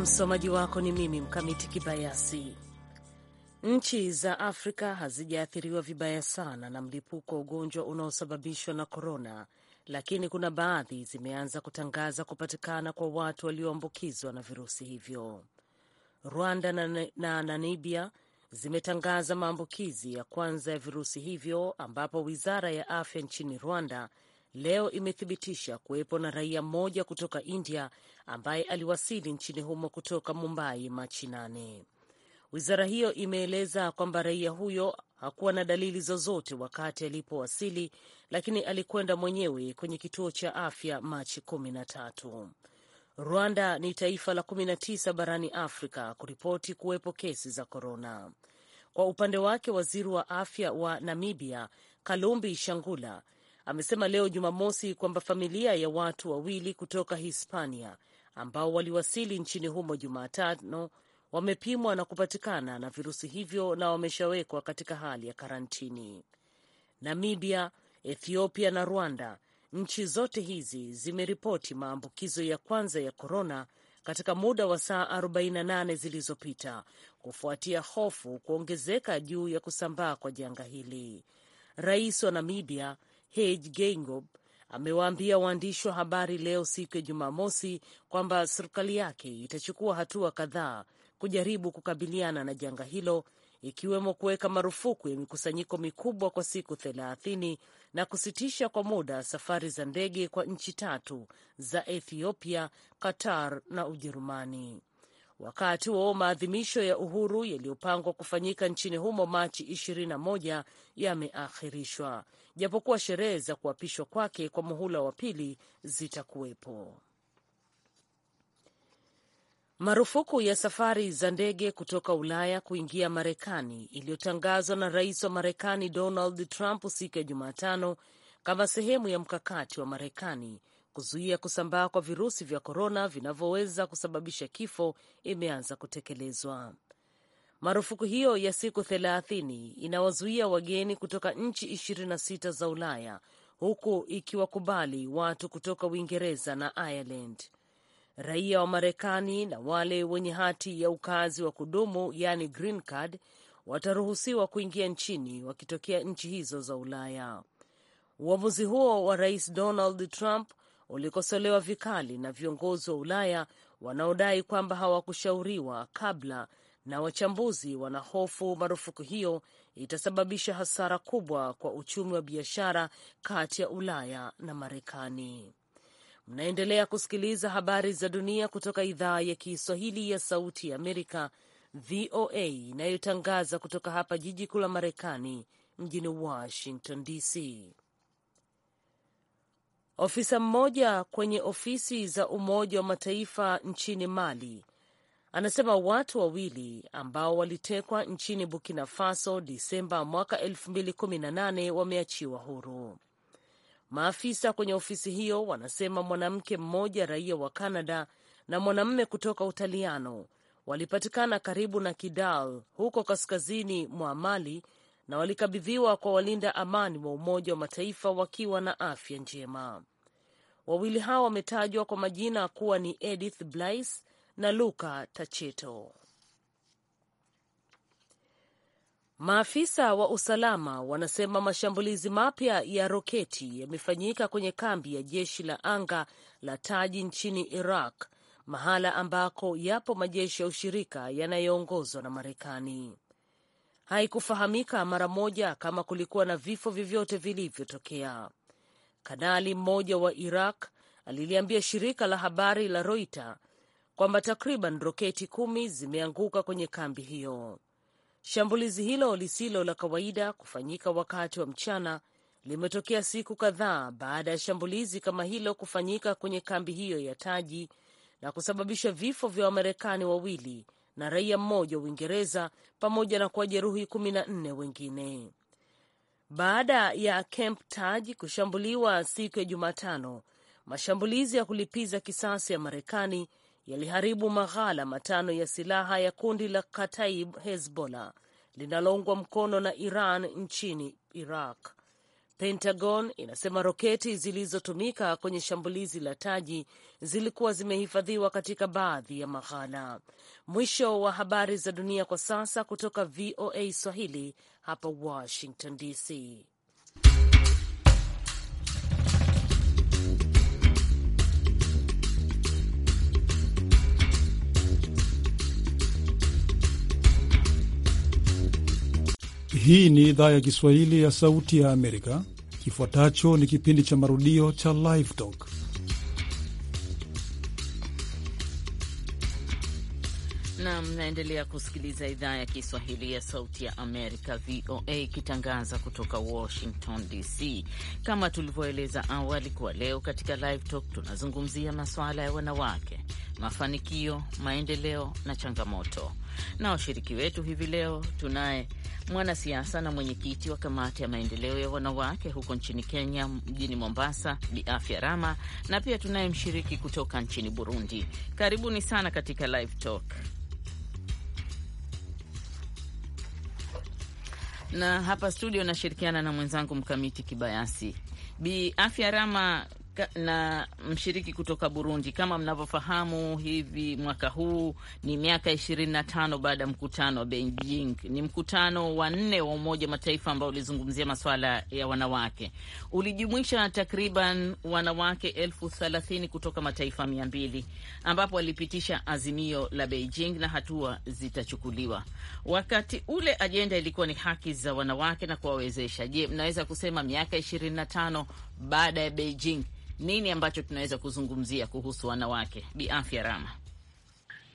Msomaji wako ni mimi Mkamiti Kibayasi. Nchi za Afrika hazijaathiriwa vibaya sana na mlipuko wa ugonjwa unaosababishwa na korona, lakini kuna baadhi zimeanza kutangaza kupatikana kwa watu walioambukizwa na virusi hivyo. Rwanda na, na Namibia zimetangaza maambukizi ya kwanza ya virusi hivyo, ambapo wizara ya afya nchini Rwanda leo imethibitisha kuwepo na raia mmoja kutoka India ambaye aliwasili nchini humo kutoka Mumbai Machi nane. Wizara hiyo imeeleza kwamba raia huyo hakuwa na dalili zozote wakati alipowasili, lakini alikwenda mwenyewe kwenye kituo cha afya Machi kumi na tatu. Rwanda ni taifa la 19 barani Afrika kuripoti kuwepo kesi za korona. Kwa upande wake, waziri wa afya wa Namibia Kalumbi Shangula amesema leo Jumamosi kwamba familia ya watu wawili kutoka Hispania ambao waliwasili nchini humo Jumatano wamepimwa na kupatikana na virusi hivyo na wameshawekwa katika hali ya karantini. Namibia, Ethiopia na Rwanda, nchi zote hizi zimeripoti maambukizo ya kwanza ya korona katika muda wa saa 48 zilizopita kufuatia hofu kuongezeka juu ya kusambaa kwa janga hili. Rais wa Namibia Hage Geingob amewaambia waandishi wa habari leo siku ya Jumamosi kwamba serikali yake itachukua hatua kadhaa kujaribu kukabiliana na janga hilo ikiwemo kuweka marufuku ya mikusanyiko mikubwa kwa siku thelathini na kusitisha kwa muda safari za ndege kwa nchi tatu za Ethiopia, Qatar na Ujerumani wakati wa maadhimisho ya uhuru yaliyopangwa kufanyika nchini humo Machi 21 yameahirishwa, japokuwa sherehe za kuapishwa kwake kwa muhula wa pili zitakuwepo. Marufuku ya safari za ndege kutoka Ulaya kuingia Marekani iliyotangazwa na rais wa Marekani Donald Trump siku ya Jumatano kama sehemu ya mkakati wa Marekani kuzuia kusambaa kwa virusi vya korona vinavyoweza kusababisha kifo imeanza kutekelezwa. Marufuku hiyo ya siku 30 inawazuia wageni kutoka nchi 26 za Ulaya huku ikiwakubali watu kutoka Uingereza na Ireland. Raia wa Marekani na wale wenye hati ya ukazi wa kudumu yaani green card wataruhusiwa kuingia nchini wakitokea nchi hizo za Ulaya. Uamuzi huo wa Rais Donald Trump ulikosolewa vikali na viongozi wa Ulaya wanaodai kwamba hawakushauriwa kabla, na wachambuzi wanahofu marufuku hiyo itasababisha hasara kubwa kwa uchumi wa biashara kati ya Ulaya na Marekani. Mnaendelea kusikiliza habari za dunia kutoka idhaa ya Kiswahili ya Sauti ya Amerika, VOA, inayotangaza kutoka hapa jiji kuu la Marekani, mjini Washington DC. Ofisa mmoja kwenye ofisi za Umoja wa Mataifa nchini Mali anasema watu wawili ambao walitekwa nchini Burkina Faso Disemba mwaka 2018 wameachiwa huru. Maafisa kwenye ofisi hiyo wanasema mwanamke mmoja raia wa Kanada na mwanamume kutoka Utaliano walipatikana karibu na Kidal huko kaskazini mwa Mali na walikabidhiwa kwa walinda amani wa Umoja wa Mataifa wakiwa na afya njema. Wawili hao wametajwa kwa majina kuwa ni Edith blis na Luka Tacheto. Maafisa wa usalama wanasema mashambulizi mapya ya roketi yamefanyika kwenye kambi ya jeshi la anga la Taji nchini Iraq, mahala ambako yapo majeshi ya ushirika yanayoongozwa na Marekani haikufahamika mara moja kama kulikuwa na vifo vyovyote vilivyotokea. Kanali mmoja wa Iraq aliliambia shirika la habari la roite kwamba takriban roketi kumi zimeanguka kwenye kambi hiyo. Shambulizi hilo lisilo la kawaida kufanyika wakati wa mchana limetokea siku kadhaa baada ya shambulizi kama hilo kufanyika kwenye kambi hiyo ya Taji na kusababisha vifo vya Wamarekani wawili na raia mmoja Uingereza pamoja na kuwajeruhi kumi na nne wengine. Baada ya Camp Taj kushambuliwa siku ya Jumatano, mashambulizi ya kulipiza kisasi ya Marekani yaliharibu maghala matano ya silaha ya kundi la Kataib Hezbollah linaloungwa mkono na Iran nchini Iraq. Pentagon inasema roketi zilizotumika kwenye shambulizi la Taji zilikuwa zimehifadhiwa katika baadhi ya maghala. Mwisho wa habari za dunia kwa sasa kutoka VOA Swahili hapa Washington DC. Hii ni idhaa ya Kiswahili ya Sauti ya Amerika. Kifuatacho ni kipindi cha marudio cha Live Talk. na mnaendelea kusikiliza idhaa ya Kiswahili ya Sauti ya Amerika, VOA, ikitangaza kutoka Washington DC. Kama tulivyoeleza awali, kuwa leo katika Live Talk tunazungumzia masuala ya wanawake, mafanikio, maendeleo na changamoto na washiriki wetu hivi leo. Tunaye mwanasiasa na mwenyekiti wa kamati ya maendeleo ya wanawake huko nchini Kenya, mjini Mombasa, Bi Afya Rama, na pia tunaye mshiriki kutoka nchini Burundi. Karibuni sana katika Live Talk. na hapa studio nashirikiana na mwenzangu Mkamiti Kibayasi. Bi Afya Rama, na mshiriki kutoka Burundi. Kama mnavyofahamu, hivi mwaka huu ni miaka ishirini na tano baada ya mkutano wa Beijing. Ni mkutano wa nne wa Umoja wa Mataifa ambao ulizungumzia masuala ya wanawake, ulijumuisha takriban wanawake elfu thelathini kutoka mataifa mia mbili ambapo walipitisha azimio la Beijing na hatua zitachukuliwa. Wakati ule ajenda ilikuwa ni haki za wanawake na kuwawezesha. Je, mnaweza kusema miaka ishirini na tano baada ya Beijing, nini ambacho tunaweza kuzungumzia kuhusu wanawake? Bi Afya Rama.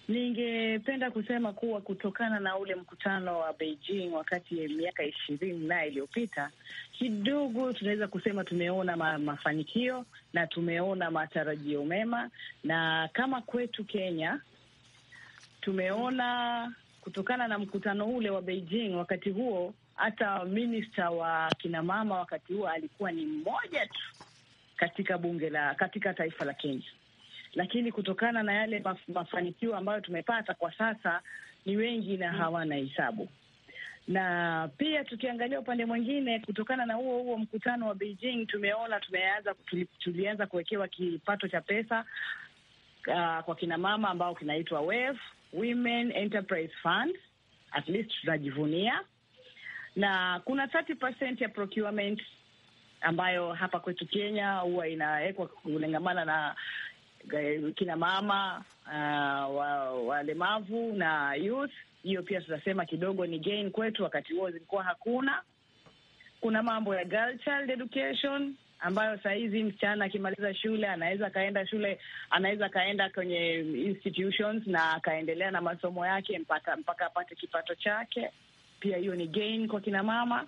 Ningependa kusema kuwa kutokana na ule mkutano wa Beijing wakati ya miaka ishirini naye iliyopita, kidogo tunaweza kusema tumeona ma mafanikio na tumeona matarajio mema, na kama kwetu Kenya tumeona kutokana na mkutano ule wa Beijing wakati huo hata minista wa kinamama wakati huo alikuwa ni mmoja tu katika bunge la katika taifa la Kenya, lakini kutokana na yale maf mafanikio ambayo tumepata kwa sasa ni wengi na hawana hisabu. Na pia tukiangalia upande mwingine, kutokana na huo huo mkutano wa Beijing, tumeona tumeanza tulianza kuwekewa kipato cha pesa uh, kwa kinamama ambao kinaitwa WEF, Women Enterprise Fund. At least tunajivunia na kuna 30% ya procurement ambayo hapa kwetu Kenya huwa inawekwa kulingamana na eh, kina mama uh, walemavu wa na youth. Hiyo pia tunasema kidogo ni gain kwetu, wakati huo zilikuwa hakuna. Kuna mambo ya girl child education ambayo sahizi msichana akimaliza shule anaweza akaenda shule, anaweza akaenda kwenye institutions na akaendelea na masomo yake mpaka mpaka apate kipato chake pia hiyo ni gain kwa kina mama.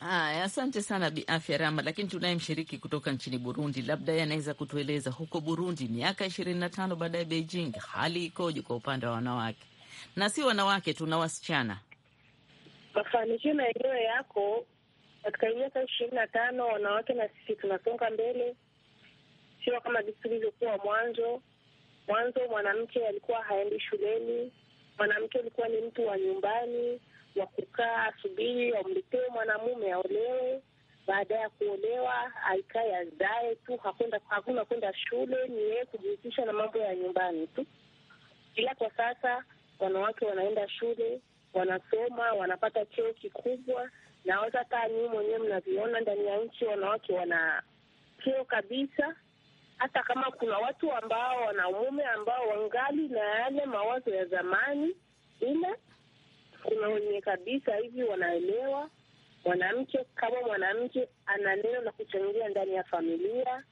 Haya, asante sana Bi Afya Rama. Lakini tunaye mshiriki kutoka nchini Burundi, labda yeye anaweza kutueleza huko Burundi miaka ishirini na tano baada ya Beijing hali ikoje kwa upande wa wanawake, na si wanawake tu na wasichana? Mafanikio maeneo yako katika miaka ishirini na tano wanawake na sisi tunasonga mbele, sio kama desturi ilivyokuwa mwanzo. Mwanzo mwanamke alikuwa haendi shuleni, mwanamke alikuwa ni mtu wa nyumbani ya kukaa subiri amletee mwanamume aolewe, baada ya kuolewa aikae azae tu, hakuna, hakuna kwenda shule, ni yeye kujihusisha na mambo ya nyumbani tu. Ila kwa sasa wanawake wanaenda shule, wanasoma, wanapata cheo kikubwa, na hata kaa nyinyi mwenyewe mnaviona ndani ya nchi, wanawake wana cheo kabisa hata kama kuna watu ambao wanaume ambao wangali na yale mawazo ya zamani, ila kuna wenye kabisa hivi wanaelewa mwanamke kama mwanamke ana neno la kuchangia ndani ya familia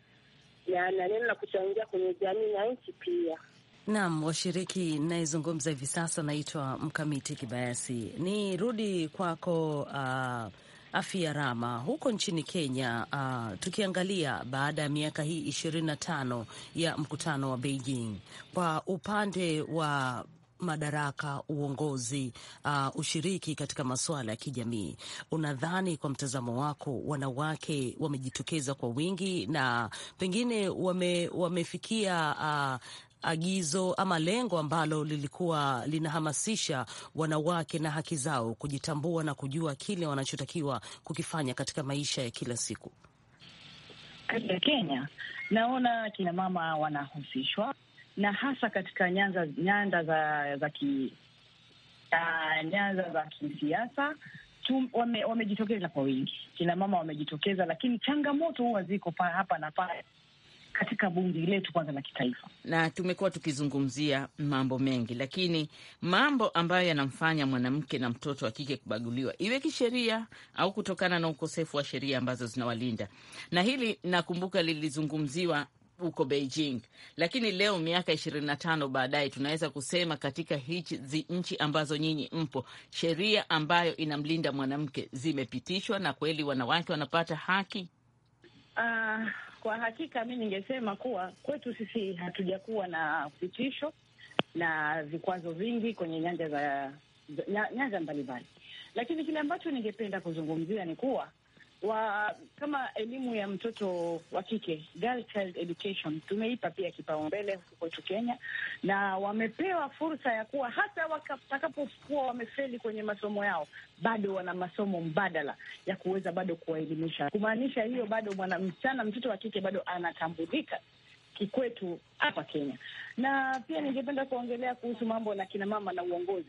na ana neno la kuchangia kwenye jamii na nchi pia. Naam, washiriki nayezungumza hivi sasa naitwa Mkamiti Kibayasi. Ni rudi kwako uh, Afia Rama huko nchini Kenya. Uh, tukiangalia baada ya miaka hii ishirini na tano ya mkutano wa Beijing, kwa upande wa madaraka, uongozi, uh, ushiriki katika masuala ya kijamii. Unadhani kwa mtazamo wako wanawake wamejitokeza kwa wingi na pengine wame, wamefikia uh, agizo ama lengo ambalo lilikuwa linahamasisha wanawake na haki zao, kujitambua na kujua kile wanachotakiwa kukifanya katika maisha ya kila siku? Katika Kenya naona kina mama wanahusishwa na hasa katika nyanza, nyanda za za ki, uh, nyanza za kisiasa wamejitokeza wame kwa wingi, kina mama wamejitokeza, lakini changamoto huwa ziko pa, hapa na pale katika bunge letu kwanza la kitaifa, na tumekuwa tukizungumzia mambo mengi, lakini mambo ambayo yanamfanya mwanamke na mtoto wa kike kubaguliwa, iwe kisheria au kutokana na ukosefu wa sheria ambazo zinawalinda. Na hili nakumbuka lilizungumziwa huko Beijing, lakini leo miaka ishirini na tano baadaye tunaweza kusema katika hizi nchi ambazo nyinyi mpo, sheria ambayo inamlinda mwanamke zimepitishwa na kweli wanawake wanapata haki? Uh, kwa hakika mi ningesema kuwa kwetu sisi hatujakuwa na pitisho na vikwazo vingi kwenye nyanja za nyanja mbalimbali, lakini kile ambacho ningependa kuzungumzia ni kuwa wa kama elimu ya mtoto wa kike girl child education tumeipa pia kipaumbele huku kwetu Kenya, na wamepewa fursa ya kuwa hata watakapokuwa wamefeli kwenye masomo yao bado wana masomo mbadala ya kuweza bado kuwaelimisha, kumaanisha hiyo bado mwana mtoto wa kike bado anatambulika kikwetu hapa Kenya. Na pia ningependa kuongelea kuhusu mambo na kina mama na uongozi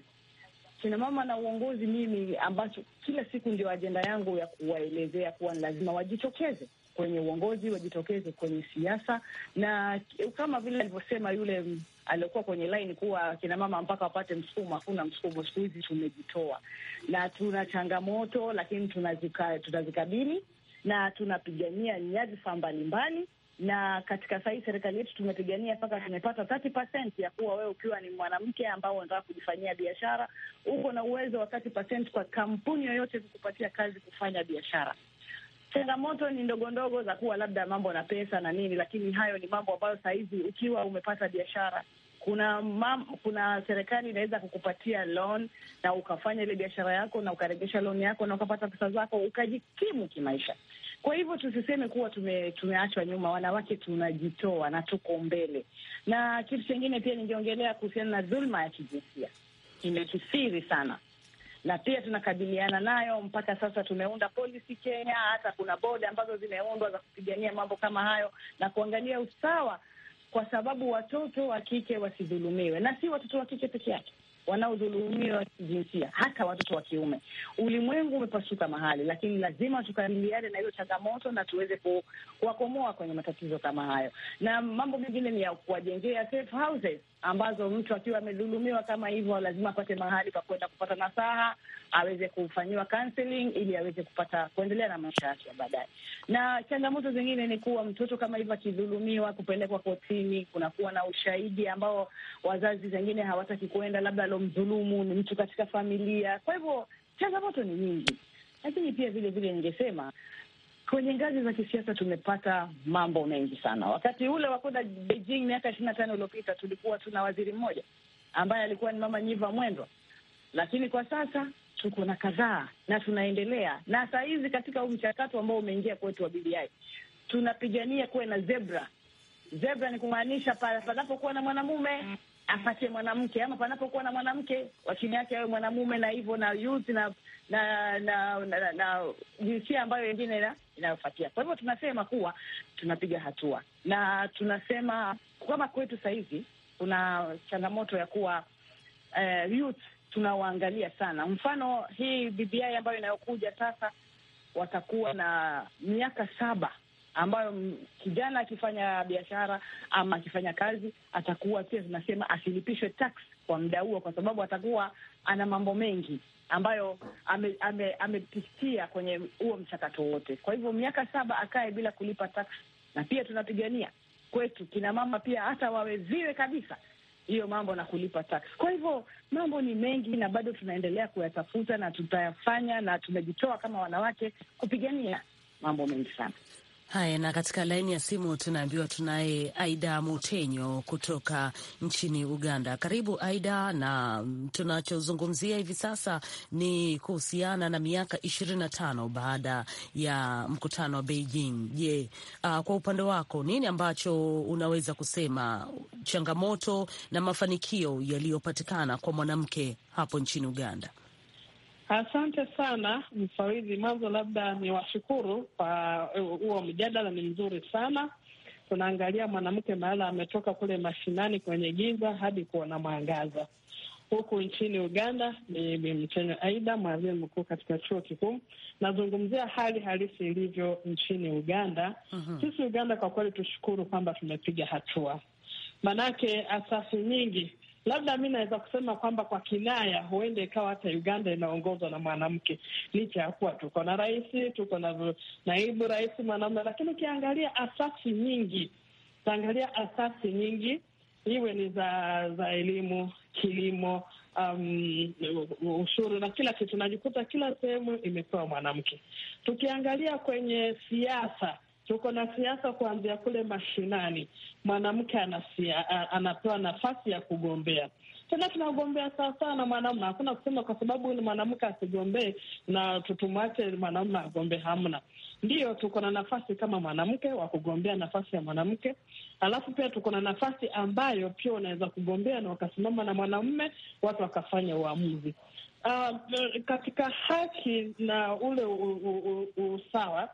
kinamama na uongozi, mimi ambacho kila siku ndio ajenda yangu ya kuwaelezea kuwa ni lazima wajitokeze kwenye uongozi, wajitokeze kwenye siasa, na kama vile alivyosema yule mm, aliokuwa kwenye line kuwa kina mama mpaka wapate msukumo. Hakuna msukumo siku hizi, tumejitoa na tuna changamoto, lakini tunazika, tunazikabili na tunapigania nyadhifa mbalimbali na katika sahii serikali yetu tumepigania mpaka tumepata 30% ya kuwa wewe ukiwa ni mwanamke ambao unataka kujifanyia biashara uko na uwezo wa 30% kwa kampuni yoyote kukupatia kazi kufanya biashara. Changamoto ni ndogo ndogo za kuwa labda mambo na pesa na nini, lakini hayo ni mambo ambayo sahizi ukiwa umepata biashara kuna mam, kuna serikali inaweza kukupatia loan na ukafanya ile biashara yako na ukaregesha loan yako na ukapata pesa zako ukajikimu kimaisha. Kwa hivyo tusiseme kuwa tume, tumeachwa nyuma. Wanawake tunajitoa na tuko mbele, na kitu chengine pia ningeongelea kuhusiana na dhulma ya kijinsia, imekithiri sana na pia tunakabiliana nayo mpaka sasa. Tumeunda polisi Kenya, hata kuna bodi ambazo zimeundwa za kupigania mambo kama hayo na kuangalia usawa, kwa sababu watoto wa kike wasidhulumiwe, na si watoto wa kike peke yake, wanaodhulumiwa kijinsia, hata watoto wa kiume. Ulimwengu umepasuka mahali, lakini lazima tukabiliane na hiyo changamoto na tuweze kuwakomoa kwenye matatizo kama hayo, na mambo mengine ni ya kuwajengea safe houses ambazo mtu akiwa amedhulumiwa kama hivyo lazima apate mahali pa kwenda kupata nasaha, aweze kufanyiwa counseling ili aweze kupata kuendelea na maisha yake baadaye. Na changamoto zingine ni kuwa mtoto kama hivyo akidhulumiwa, kupelekwa kotini, kunakuwa na ushahidi ambao wazazi wengine hawataki kuenda, labda alomdhulumu ni mtu katika familia. Kwa hivyo changamoto ni nyingi, lakini pia vile vile ningesema kwenye ngazi za kisiasa tumepata mambo mengi sana. Wakati ule wa kwenda Beijing miaka ishirini na tano iliyopita tulikuwa tuna waziri mmoja ambaye alikuwa ni Mama Nyiva Mwendwa, lakini kwa sasa tuko na kadhaa na tunaendelea na saa hizi katika huu mchakato ambao umeingia kwetu wa BBI tunapigania kuwe na zebra. Zebra ni kumaanisha panapokuwa na mwanamume apate mwanamke ama panapokuwa na mwanamke wa chini yake awe mwanamume, na hivyo na youth na na na, na, na jinsia ambayo wengine inayofuatia. Kwa hivyo tunasema kuwa tunapiga hatua, na tunasema kama kwetu sahizi kuna changamoto ya kuwa uh, youth tunawaangalia sana. Mfano hii BBI ambayo inayokuja sasa, watakuwa na miaka saba ambayo kijana akifanya biashara ama akifanya kazi atakuwa pia zinasema asilipishwe tax kwa muda huo, kwa sababu atakuwa ana mambo mengi ambayo amepitia ame, ame kwenye huo mchakato wote. Kwa hivyo miaka saba akae bila kulipa tax, na pia tunapigania kwetu kina mama pia hata waweziwe kabisa hiyo mambo na kulipa tax. Kwa hivyo mambo ni mengi na bado tunaendelea kuyatafuta na tutayafanya, na tumejitoa kama wanawake kupigania mambo mengi sana. Haya, na katika laini ya simu tunaambiwa tunaye Aida Mutenyo kutoka nchini Uganda. Karibu Aida, na tunachozungumzia hivi sasa ni kuhusiana na miaka ishirini na tano baada ya mkutano wa Beijing. Je, uh, kwa upande wako nini ambacho unaweza kusema changamoto na mafanikio yaliyopatikana kwa mwanamke hapo nchini Uganda? Asante sana Mfawidhi. Mwanzo labda ni washukuru kwa huo mjadala, ni mzuri sana. Tunaangalia mwanamke mahala ametoka kule mashinani kwenye giza hadi kuona mwangaza. Huku nchini Uganda ni Bimchenyo Aida, mwaziri mkuu katika chuo kikuu. Nazungumzia hali halisi ilivyo nchini Uganda. -huh. Mhm. Sisi Uganda kwa kweli tushukuru kwamba tumepiga hatua, manake asasi nyingi Labda mi naweza kusema kwamba kwa kinaya, huenda ikawa hata Uganda inaongozwa na mwanamke, licha ya kuwa tuko na rais, tuko na naibu rais mwanaume, lakini ukiangalia asasi nyingi, ukiangalia asasi nyingi, iwe ni za za elimu, kilimo, um, ushuru na kila kitu, najikuta kila sehemu imepewa mwanamke. Tukiangalia kwenye siasa Tuko na siasa kuanzia kule mashinani, mwanamke anapewa nafasi ya kugombea tena tunagombea sawa sawa na Hakuna kusema kwa sababu ni mwanamke asigombee na tutumwache mwanaume agombee, hamna. Ndiyo, tuko na nafasi kama mwanamke wa kugombea nafasi ya mwanamke, alafu pia tuko na nafasi ambayo pia unaweza kugombea na wakasimama na mwanamume, watu wakafanya uamuzi uh, katika haki na ule usawa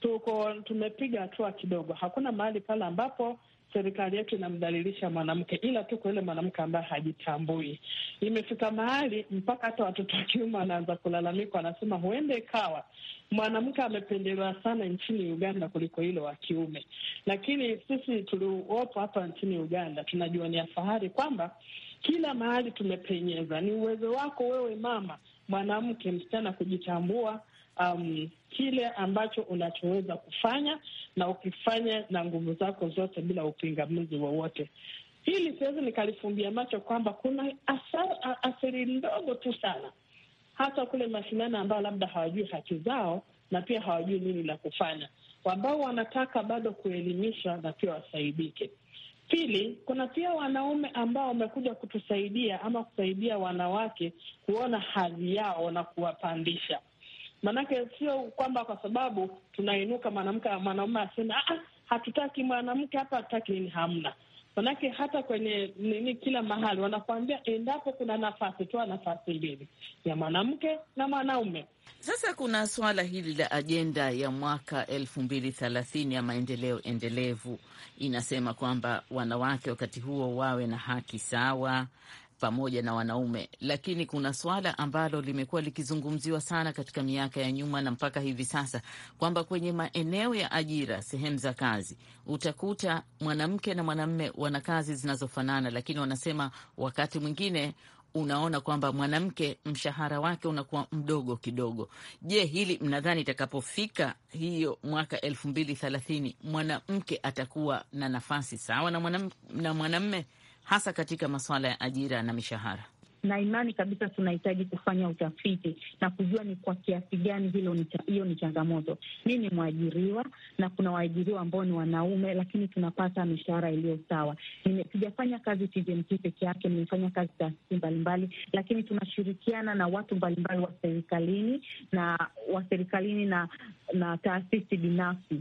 tuko tumepiga hatua kidogo. Hakuna mahali pale ambapo serikali yetu inamdhalilisha mwanamke, ila tu kwa yule mwanamke ambaye hajitambui. Imefika mahali mpaka hata watoto wa kiume wanaanza kulalamika, wanasema huende ikawa mwanamke amependelewa sana nchini Uganda kuliko hilo wa kiume. Lakini sisi tuliopo hapa nchini Uganda tunajua ni fahari kwamba kila mahali tumepenyeza, ni uwezo wako wewe mama mwanamke, msichana kujitambua um, kile ambacho unachoweza kufanya na ukifanya na nguvu zako zote bila upingamizi wowote. Hili siwezi nikalifumbia macho kwamba kuna athari ndogo tu sana, hata kule mashinani ambao labda hawajui haki zao na pia hawajui nini la kufanya, ambao wanataka bado kuelimisha na pia wasaidike. Pili, kuna pia wanaume ambao wamekuja kutusaidia ama kusaidia wanawake kuona hadhi yao na kuwapandisha. Maanake sio kwamba kwa sababu tunainuka mwanamke mwanaume aseme ah, ah, hatutaki mwanamke hapa, hatutaki nini. Hamna, manake hata kwenye nini, kila mahali wanakuambia endapo kuna nafasi, toa nafasi mbili ya mwanamke na mwanaume. Sasa kuna swala hili la ajenda ya mwaka elfu mbili thelathini ya maendeleo endelevu inasema kwamba wanawake wakati huo wawe na haki sawa, pamoja na wanaume, lakini kuna swala ambalo limekuwa likizungumziwa sana katika miaka ya nyuma na mpaka hivi sasa, kwamba kwenye maeneo ya ajira, sehemu za kazi, utakuta mwanamke na mwanamme wana kazi zinazofanana, lakini wanasema wakati mwingine unaona kwamba mwanamke mshahara wake unakuwa mdogo kidogo. Je, hili mnadhani itakapofika hiyo mwaka elfu mbili thelathini mwanamke atakuwa na nafasi sawa na mwanamme na mwanamme hasa katika masuala ya ajira na mishahara? na imani kabisa tunahitaji kufanya utafiti na kujua ni kwa kiasi gani hilo hiyo ni changamoto. Mi ni mwajiriwa na kuna waajiriwa ambao ni wanaume, lakini tunapata mishahara iliyo sawa. Sijafanya kazi TJMT peke yake, nimefanya kazi taasisi mbalimbali, lakini tunashirikiana na watu mbalimbali wa serikalini na wa serikalini na na taasisi binafsi,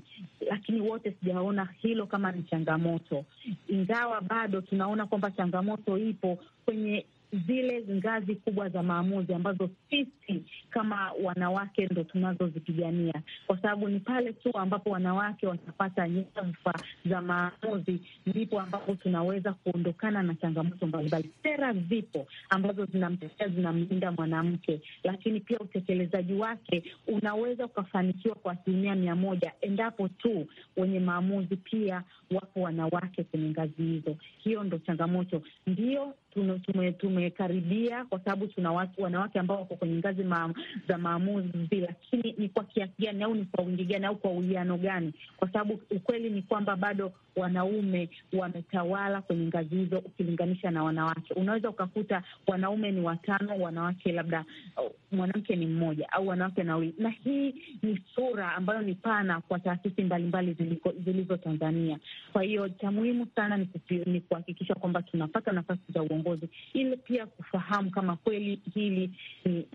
lakini wote sijaona hilo kama ni changamoto, ingawa bado tunaona kwamba changamoto ipo kwenye zile ngazi kubwa za maamuzi ambazo sisi kama wanawake ndo tunazozipigania, kwa sababu ni pale tu ambapo wanawake watapata nyadhifa za maamuzi, ndipo ambapo tunaweza kuondokana na changamoto mbalimbali. Sera zipo ambazo zinamtetea, zinamlinda mwanamke, lakini pia utekelezaji wake unaweza ukafanikiwa kwa asilimia mia moja endapo tu wenye maamuzi pia wapo wanawake kwenye ngazi hizo. Hiyo ndo changamoto, ndio tumekaribia tume kwa sababu tuna watu wanawake ambao wako kwenye ngazi ma, za maamuzi, lakini ni kwa kiasi gani au ni kwa wingi gani au kwa uwiano gani? Kwa sababu ukweli ni kwamba bado wanaume wametawala kwenye ngazi hizo ukilinganisha na wanawake. Unaweza ukakuta wanaume ni watano, wanawake labda oh, mwanamke ni mmoja au wanawake na wawili, na hii ni sura ambayo ni pana kwa taasisi mbalimbali zilizo Tanzania. Kwa hiyo cha muhimu sana ni kuhakikisha kwamba tunapata nafasi za uongozi uongozi, ili pia kufahamu kama kweli hili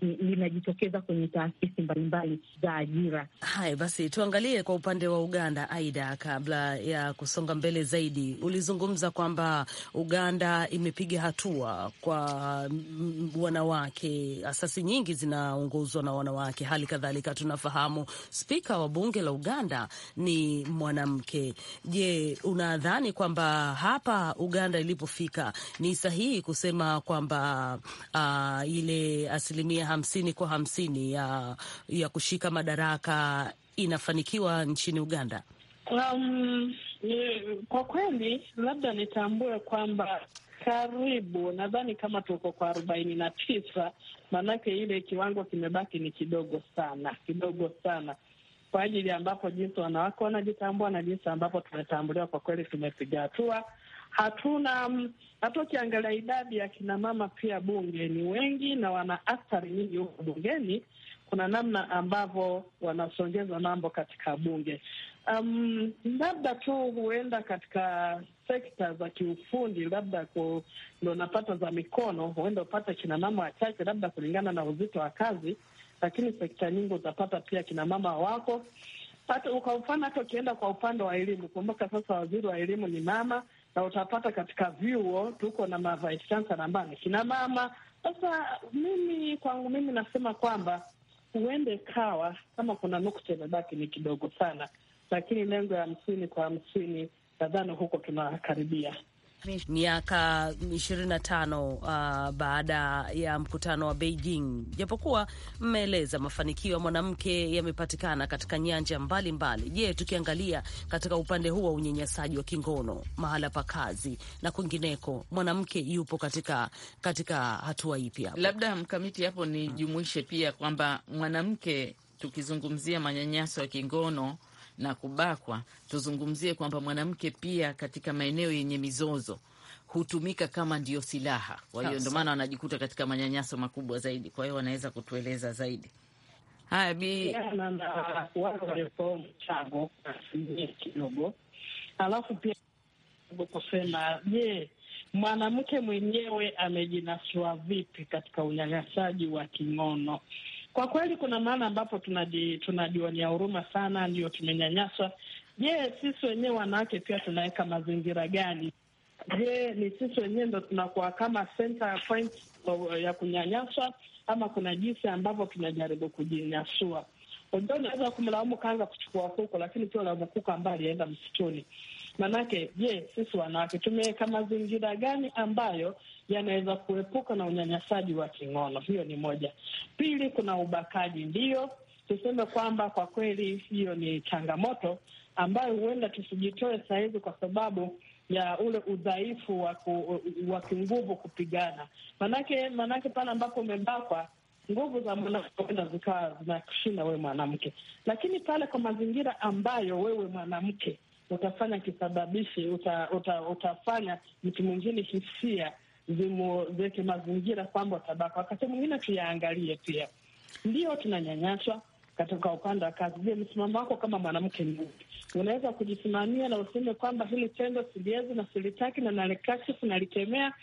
linajitokeza kwenye taasisi mbalimbali za ajira. Haya basi, tuangalie kwa upande wa Uganda. Aida, kabla ya kusonga mbele zaidi, ulizungumza kwamba Uganda imepiga hatua kwa wanawake, asasi nyingi zinaongozwa na wanawake. Hali kadhalika tunafahamu spika wa bunge la Uganda ni mwanamke. Je, unadhani kwamba hapa Uganda ilipofika ni sahihi hii kusema kwamba uh, ile asilimia hamsini kwa hamsini ya, ya kushika madaraka inafanikiwa nchini Uganda? Um, kwa kweli labda nitambue kwamba karibu nadhani kama tuko kwa arobaini na tisa, maanake ile kiwango kimebaki ni kidogo sana, kidogo sana kwa ajili ambapo jinsi wanawake wanajitambua na jinsi ambapo tumetambuliwa, kwa kweli tumepiga hatua hatuna mm, hata ukiangalia idadi ya kina mama pia bunge ni wengi na wana athari nyingi huko bungeni. Kuna namna ambavyo wanasongeza mambo katika bunge. Um, labda tu huenda katika sekta za kiufundi, labda ndo napata za mikono, huenda upata kina mama wachache, labda kulingana na uzito wa kazi, lakini sekta nyingi utapata pia kina mama wako. Kwa mfano hata ukienda kwa upande wa elimu, kumbuka sasa waziri wa elimu ni mama na utapata katika vyuo tuko na mavait chansa na ni kina mama. Sasa mimi kwangu mimi nasema kwamba huende kawa kama kuna nukta imebaki ni kidogo sana, lakini lengo ya hamsini kwa hamsini nadhani huko tunakaribia miaka 25 uh, baada ya mkutano wa Beijing. Japokuwa mmeeleza mafanikio ya mwanamke yamepatikana katika nyanja mbalimbali, je, tukiangalia katika upande huu wa unyanyasaji wa kingono mahala pa kazi na kwingineko, mwanamke yupo katika katika hatua ipi hapo? Labda mkamiti hapo nijumuishe pia kwamba mwanamke, tukizungumzia manyanyaso ya kingono na kubakwa, tuzungumzie kwamba mwanamke pia katika maeneo yenye mizozo hutumika kama ndio silaha. Kwa hiyo ndio maana wanajikuta katika manyanyaso makubwa zaidi. Kwa hiyo wanaweza kutueleza zaidi haya, Bi wale mchango kidogo, alafu pia kusema je, mwanamke mwenyewe amejinasiwa vipi katika unyanyasaji wa kingono? Kwa kweli kuna mahala ambapo tunaji, tunajiwania huruma sana, ndio tumenyanyaswa. Je, sisi wenyewe wanawake pia tunaweka mazingira gani? Je, ni sisi wenyewe ndo tunakuwa kama center point ya kunyanyaswa ama kuna jinsi ambavyo tunajaribu kujinyasua? Ndio unaweza kumlaumu kaanza kuchukua huko, lakini pia ulaumu kuko ambaye alienda msituni. Manake je, sisi wanawake tumeweka mazingira gani ambayo yanaweza kuepuka na unyanyasaji wa kingono. Hiyo ni moja. Pili, kuna ubakaji. Ndiyo, tuseme kwamba kwa kweli hiyo ni changamoto ambayo huenda tusijitoe sahizi kwa sababu ya ule udhaifu wa kinguvu kupigana, manake manake pale ambapo umebakwa nguvu za mwanamke huenda zikawa zinakushinda wewe mwanamke, lakini pale kwa mazingira ambayo wewe mwanamke utafanya kisababishi uta, uta, utafanya mtu mwingine hisia zimuweke mazingira kwamba tabaka wakati mwingine tuyaangalie pia. Ndio tunanyanyaswa katika upande wa kazi. Je, msimamo wako kama mwanamke ni upi? Unaweza kujisimamia na useme kwamba hili tendo siliwezi na silitaki na nalikashifu nalikemea,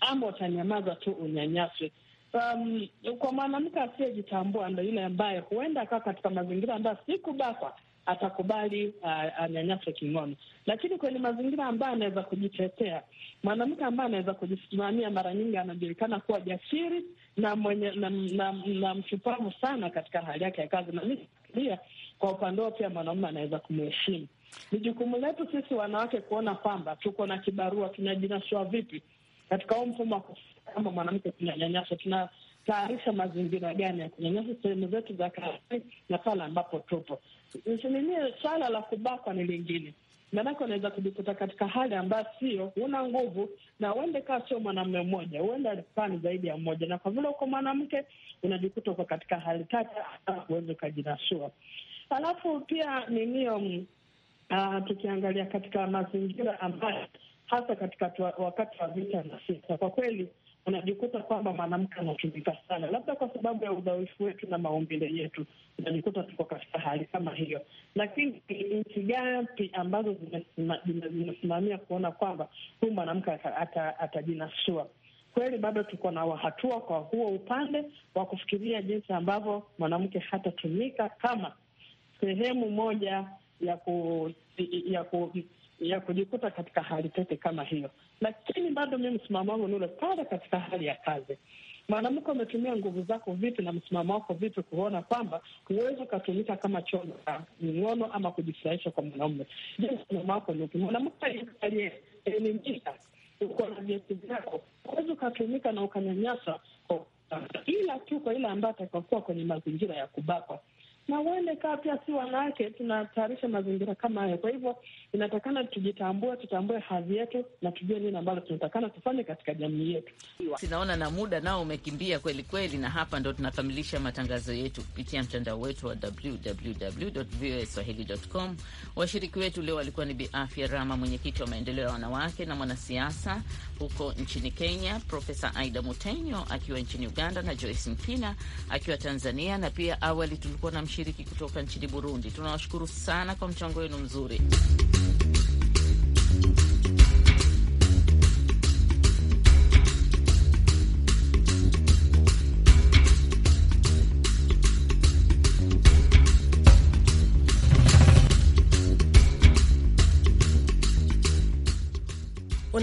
ama utanyamaza tu unyanyaswe? Um, kwa mwanamke asiyejitambua ndo yule ambaye huenda akawa katika mazingira ambayo sikubakwa atakubali anyanyaswe kingono. Lakini kwenye mazingira ambayo anaweza kujitetea, mwanamke ambaye anaweza kujisimamia mara nyingi anajulikana kuwa jasiri na mwenye na, na, na mshupavu sana katika hali yake ya kazi, na pia kwa upande huo pia mwanaume anaweza kumheshimu. Ni jukumu letu sisi wanawake kuona kwamba tuko na kibarua, tunajinasua vipi katika huu mfumo wa kama mwanamke tunanyanyaswa, tuna kutayarisha mazingira gani ya kunyanyasa sehemu zetu za kazi na pale ambapo tupo. Nisiminie swala la kubakwa ni lingine, maanake unaweza kujikuta katika hali ambayo sio, una nguvu na uende kaa sio mwanamume mmoja, uende pani zaidi ya mmoja, na kwa vile uko mwanamke unajikuta uko katika hali tata, uweze ukajinasua. Alafu pia ninio Uh, mm, ah, tukiangalia katika mazingira ambayo hasa katika wakati wa vita na siasa, kwa kweli unajikuta kwamba mwanamke anatumika sana, labda kwa sababu ya udhaifu wetu na maumbile yetu, unajikuta tuko katika hali kama hiyo. Lakini nchi gapi ambazo zimesimamia kuona kwamba huyu mwanamke atajinasua? Kweli bado tuko na hatua kwa huo upande wa kufikiria jinsi ambavyo mwanamke hatatumika kama sehemu moja ya ku, ya ku ya kujikuta katika hali tete kama hiyo, lakini bado mi msimamo wangu ni ule pale katika hali ya kazi. Mwanamke umetumia nguvu zako vipi na msimamo wako vipi kuona kwamba huwezi ukatumika kama chombo cha ngono ama kujifurahisha kwa mwanaume? Je, msimamo wako ni upi? Mwanamke aliyeelimika uko na vyeti vyako, huwezi ukatumika na ukanyanyasa, ila tu kwa ile ambayo atakakuwa kwenye mazingira ya kubakwa na wale kaa pia si wanawake tunatayarisha mazingira kama hayo. Kwa hivyo inatakana tujitambue, tutambue hadhi yetu na tujue nini ambalo tunatakana tufanye katika jamii yetu. Sinaona na muda nao umekimbia kweli kweli, na hapa ndo tunakamilisha matangazo yetu kupitia mtandao wetu wa www.voaswahili.com. Washiriki wetu leo walikuwa ni Biafya Rama, mwenyekiti wa maendeleo ya wanawake na mwanasiasa huko nchini Kenya, Profesa Aida Mutenyo akiwa nchini Uganda na Joyce Mpina akiwa Tanzania, na pia awali tulikuwa na washiriki kutoka nchini Burundi. Tunawashukuru sana kwa mchango wenu mzuri.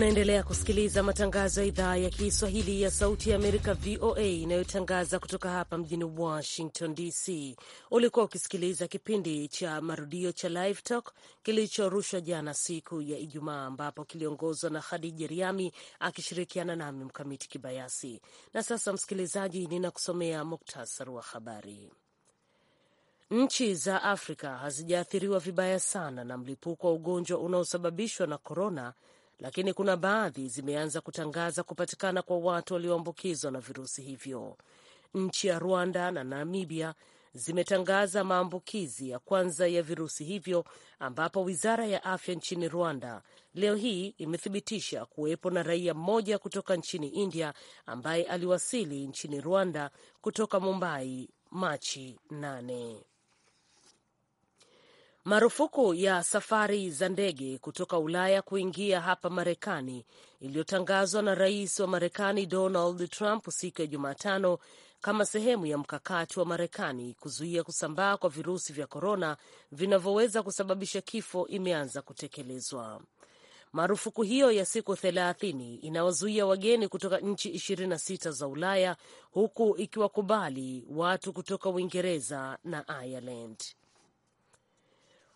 Unaendelea kusikiliza matangazo ya idhaa ya Kiswahili ya Sauti ya Amerika, VOA, inayotangaza kutoka hapa mjini Washington DC. Ulikuwa ukisikiliza kipindi cha marudio cha Live Talk kilichorushwa jana siku ya Ijumaa, ambapo kiliongozwa na Khadija Riami akishirikiana nami Mkamiti Kibayasi. Na sasa, msikilizaji, ninakusomea muktasari wa habari. Nchi za Afrika hazijaathiriwa vibaya sana na mlipuko wa ugonjwa unaosababishwa na korona lakini kuna baadhi zimeanza kutangaza kupatikana kwa watu walioambukizwa na virusi hivyo. Nchi ya Rwanda na Namibia zimetangaza maambukizi ya kwanza ya virusi hivyo, ambapo wizara ya afya nchini Rwanda leo hii imethibitisha kuwepo na raia mmoja kutoka nchini India ambaye aliwasili nchini Rwanda kutoka Mumbai Machi 8. Marufuku ya safari za ndege kutoka Ulaya kuingia hapa Marekani iliyotangazwa na rais wa Marekani Donald Trump siku ya Jumatano kama sehemu ya mkakati wa Marekani kuzuia kusambaa kwa virusi vya korona vinavyoweza kusababisha kifo imeanza kutekelezwa. Marufuku hiyo ya siku 30 inawazuia wageni kutoka nchi 26 za Ulaya huku ikiwakubali watu kutoka Uingereza na Ireland.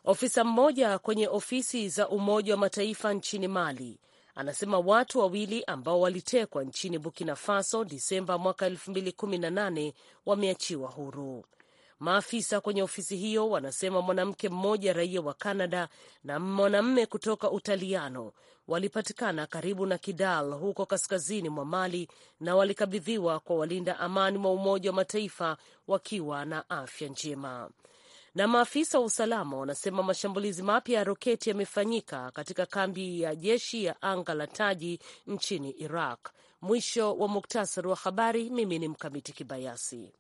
Ofisa mmoja kwenye ofisi za Umoja wa Mataifa nchini Mali anasema watu wawili ambao walitekwa nchini Burkina Faso Disemba mwaka 2018 wameachiwa huru. Maafisa kwenye ofisi hiyo wanasema mwanamke mmoja raia wa Kanada na mwanamme kutoka Utaliano walipatikana karibu na Kidal huko kaskazini mwa Mali na walikabidhiwa kwa walinda amani wa Umoja wa Mataifa wakiwa na afya njema na maafisa wa usalama wanasema mashambulizi mapya ya roketi yamefanyika katika kambi ya jeshi ya anga la Taji nchini Iraq. Mwisho wa muktasari wa habari. Mimi ni Mkamiti Kibayasi,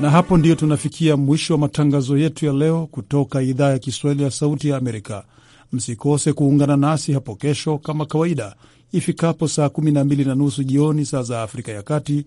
na hapo ndiyo tunafikia mwisho wa matangazo yetu ya leo kutoka idhaa ya Kiswahili ya Sauti ya Amerika. Msikose kuungana nasi hapo kesho kama kawaida ifikapo saa 12 na nusu jioni saa za Afrika ya Kati